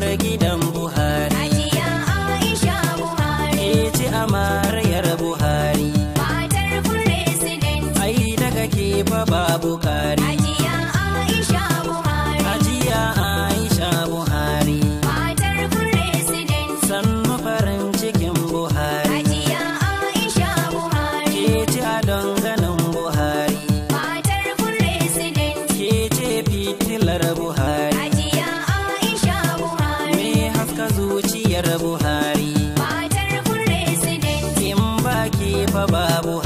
uwar gidan buhari hajiya aisha buhari ke eh, ci amaryar buhari matar fure ai daga ke fa babu kari Buhari matar President in baki fa babu